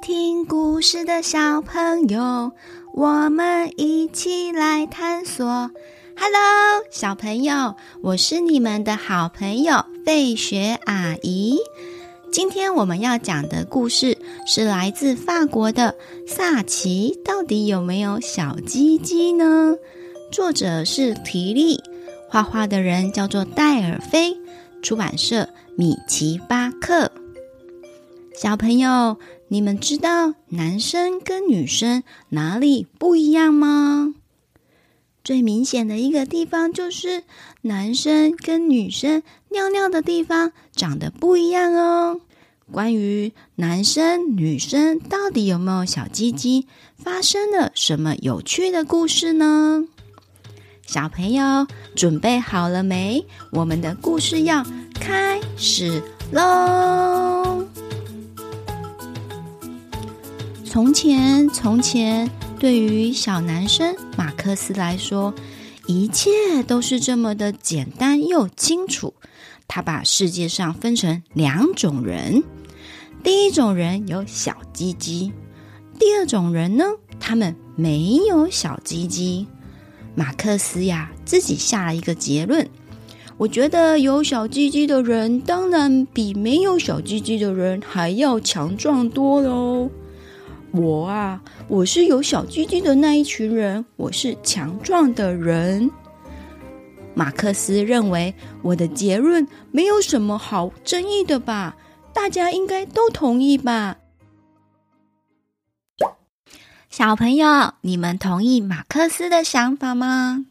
聽故事的小朋友，我們一起來探索。Hello，小朋友，我是你們的好朋友費雪阿姨。今天我們要講的故事是來自法國的《薩琪，到底有沒有小雞雞呢》？作者是提利，畫畫的人叫做戴爾飛，出版社米奇巴克。小朋友。你們知道男生跟女生哪裡不一樣嗎？最明顯的一個地方就是男生跟女生尿尿的地方長得不一樣哦。關於男生女生到底有沒有小雞雞，發生了什麼有趣的故事呢？小朋友準備好了沒？我們的故事要開始嘍！從前，從前，對於小男生馬克思來說，一切都是這麼的簡單又清楚。他把世界上分成兩種人：第一種人有小雞雞，第二種人呢，他們沒有小雞雞。馬克思呀，自己下了一個結論：我覺得有小雞雞的人，當然比沒有小雞雞的人還要強壯多了哦。我啊，我是有小雞雞的那一群人，我是強壯的人。馬克斯認為我的結論沒有什麼好爭議的吧？大家應該都同意吧？小朋友，你們同意馬克斯的想法嗎？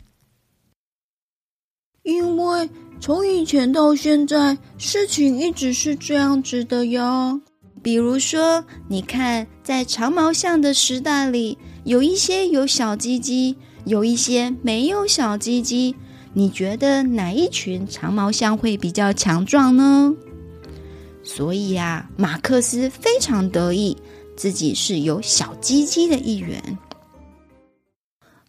因為從以前到現在，事情一直是這樣子的喲。比如說，你看，在長毛象的時代裡，有一些有小雞雞，有一些沒有小雞雞。你覺得哪一群長毛象會比較強壯呢？所以啊，馬克思非常得意，自己是有小雞雞的一員。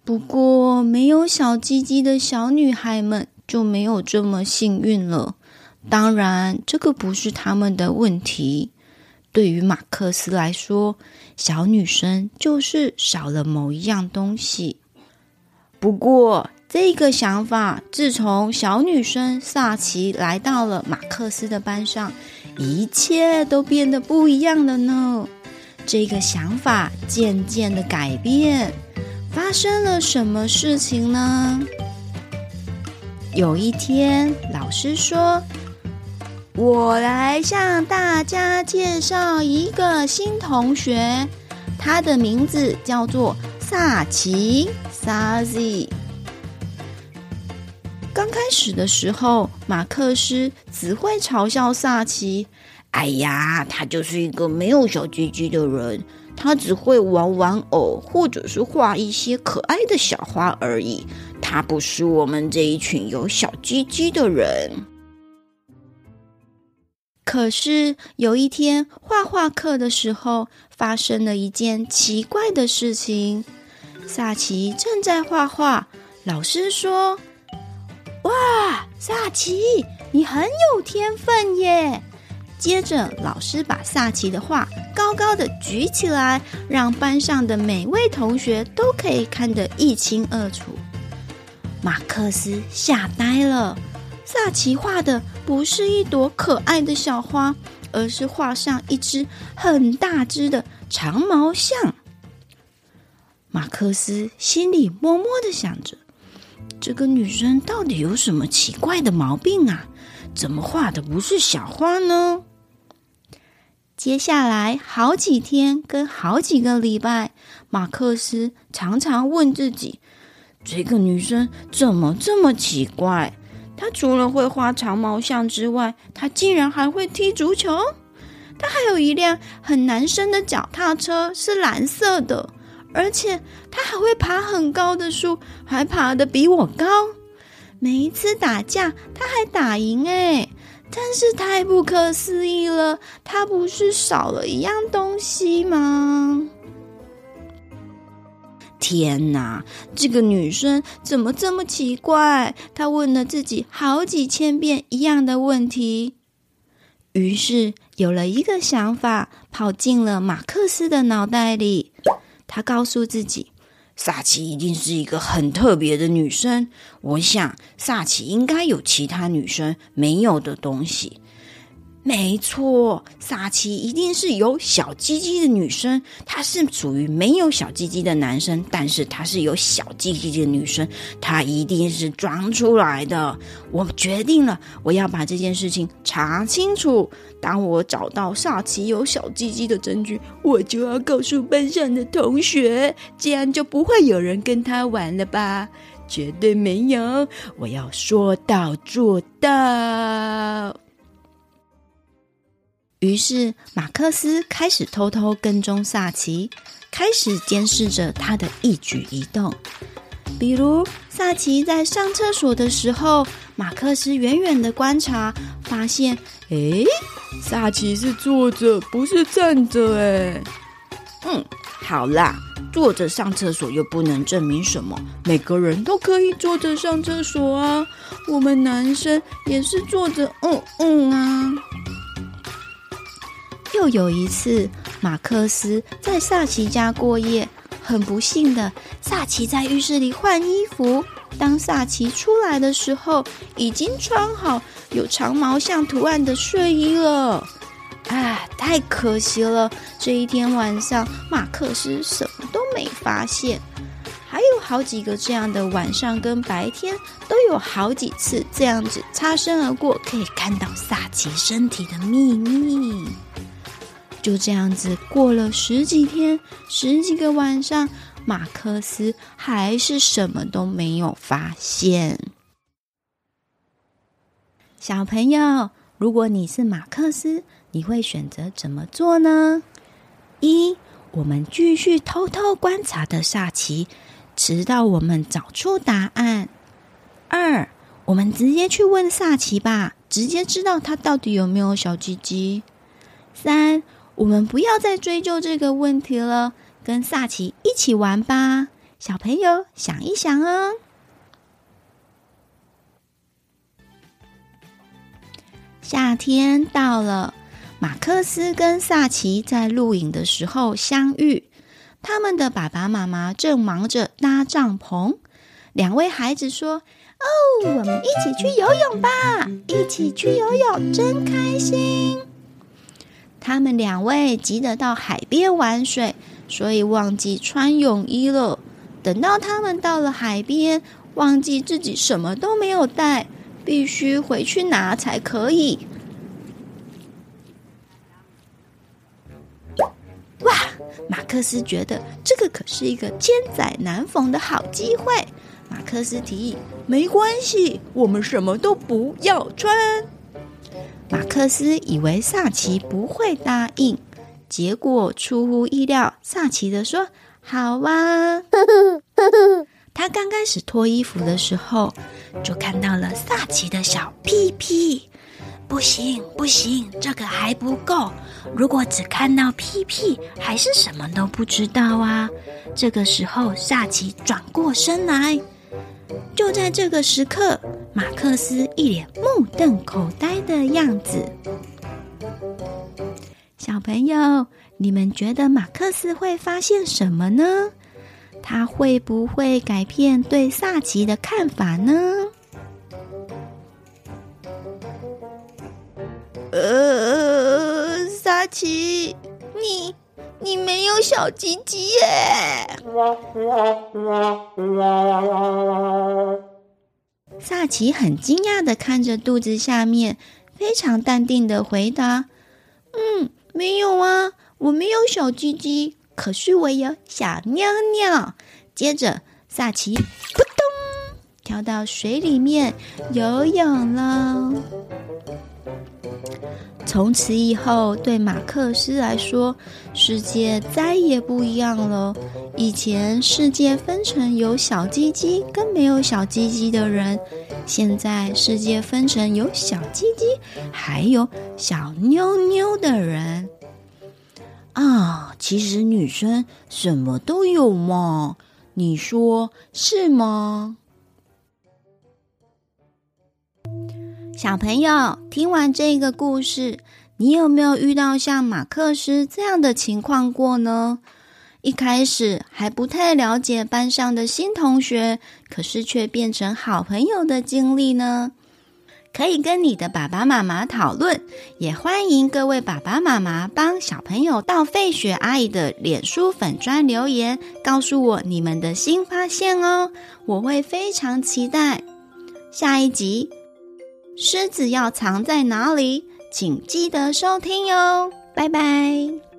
不過，沒有小雞雞的小女孩們就沒有這麼幸運了。當然，這個不是她們的問題。對於馬克思來說，小女生就是少了某一樣東西。不過，這個想法自從小女生薩琪來到了馬克思的班上，一切都變得不一樣了呢。這個想法漸漸的改變，發生了什麼事情呢？有一天，老師說。我來向大家介紹一個新同學，他的名字叫做薩琪 s a z，剛開始的時候，馬克思只會嘲笑薩琪：“哎呀，他就是一個沒有小雞雞的人，他只會玩玩偶或者是畫一些可愛的小花而已，他不是我們這一群有小雞雞的人。”可是有一天畫畫課的時候，發生了一件奇怪的事情。薩琪正在畫畫，老師說：“哇，薩琪，你很有天分耶！”接着，老師把薩琪的畫高高的舉起來，讓班上的每位同學都可以看得一清二楚。馬克思嚇呆了，薩琪畫的。不是一朵可愛的小花，而是畫上一隻很大只的長毛象。馬克思心裡默默的想着，這個女生到底有什麼奇怪的毛病啊？怎麼畫的不是小花呢？接下來好幾天跟好幾個禮拜，馬克思常常問自己，這個女生怎麼這麼奇怪？他除了會畫長毛象之外，他竟然還會踢足球。他還有一輛很男生的腳踏車，是藍色的，而且他還會爬很高的樹，還爬得比我高。每一次打架，他還打贏哎，但是太不可思議了，他不是少了一樣東西嗎？天哪，這個女生怎麼這麼奇怪？她問了自己好幾千遍一樣的問題，於是有了一個想法，跑進了馬克思的腦袋裡。她告訴自己，薩琪一定是一個很特別的女生。我想，薩琪應該有其他女生沒有的東西。沒錯，薩琪一定是有小雞雞的女生。她是屬於沒有小雞雞的男生，但是她是有小雞雞的女生。她一定是裝出來的。我決定了，我要把這件事情查清楚。當我找到薩琪有小雞雞的證據，我就要告訴班上的同學，這樣就不會有人跟他玩了吧？絕對沒有！我要說到做到。於是，馬克思開始偷偷跟蹤薩琪，開始監視着他的一舉一動。比如，薩琪在上廁所的時候，馬克思遠遠地觀察，發現，誒、欸，薩琪是坐着，不是站着，哎。嗯，好啦，坐着上廁所又不能證明什麼，每個人都可以坐着上廁所啊，我們男生也是坐着嗯，嗯嗯啊。又有一次，馬克思在薩琪家過夜。很不幸的，薩琪在浴室裡換衣服。當薩琪出來的時候，已經穿好有長毛象圖案的睡衣了。啊，太可惜了！這一天晚上，馬克思什麼都沒發現。還有好幾個這樣的晚上跟白天，都有好幾次這樣子擦身而過，可以看到薩琪身體的祕密。就這樣子過了十幾天，十幾個晚上，馬克思還是什麼都沒有發現。小朋友，如果你是馬克思，你會選擇怎麼做呢？一，我們繼續偷偷觀察的薩琪，直到我們找出答案；二，我們直接去問薩琪吧，直接知道他到底有沒有小雞雞；三。我們不要再追究這個問題了，跟薩琪一起玩吧，小朋友想一想哦。夏天到了，馬克思跟薩琪在露營的時候相遇，他們的爸爸媽媽正忙着搭帳篷。兩位孩子說：“哦，我們一起去游泳吧！一起去游泳，真開心。”他們兩位急着到海邊玩水，所以忘記穿泳衣了。等到他們到了海邊，忘記自己什麼都沒有帶，必須回去拿才可以。哇！馬克思覺得這個可是一個千載難逢的好機會。馬克思提議：“沒關係，我們什麼都不要穿。”馬克思以為薩琪不會答應，結果出乎意料，薩琪的說：“好啊！” 他剛開始脫衣服的時候，就看到了薩琪的小屁屁。不行不行，這個還不夠。如果只看到屁屁，還是什麼都不知道啊！這個時候，薩琪轉過身來。就在這個時刻，馬克思一臉目瞪口呆的樣子。小朋友，你們覺得馬克思會發現什麼呢？他會不會改變對薩奇的看法呢？呃，薩奇，你。你沒有小雞雞耶？薩奇很驚訝的看着肚子下面，非常淡定的回答：“嗯，沒有啊，我沒有小雞雞，可是我有小妞妞。”接着，薩奇撲通跳到水裡面游泳了。從此以後，對馬克斯來說，世界再也不一樣了。以前世界分成有小雞雞跟沒有小雞雞的人，現在世界分成有小雞雞還有小妞妞的人。啊，其實女生什麼都有嘛，你說是嗎？小朋友聽完這個故事，你有沒有遇到像馬克思這樣的情況過呢？一開始還不太了解班上的新同學，可是卻變成好朋友的經歷呢？可以跟你的爸爸媽媽討論，也歡迎各位爸爸媽媽幫小朋友到費雪阿姨的臉書粉專留言，告訴我你們的新發現哦，我會非常期待下一集。獅子要藏在哪裡？請記得收聽喲，拜拜。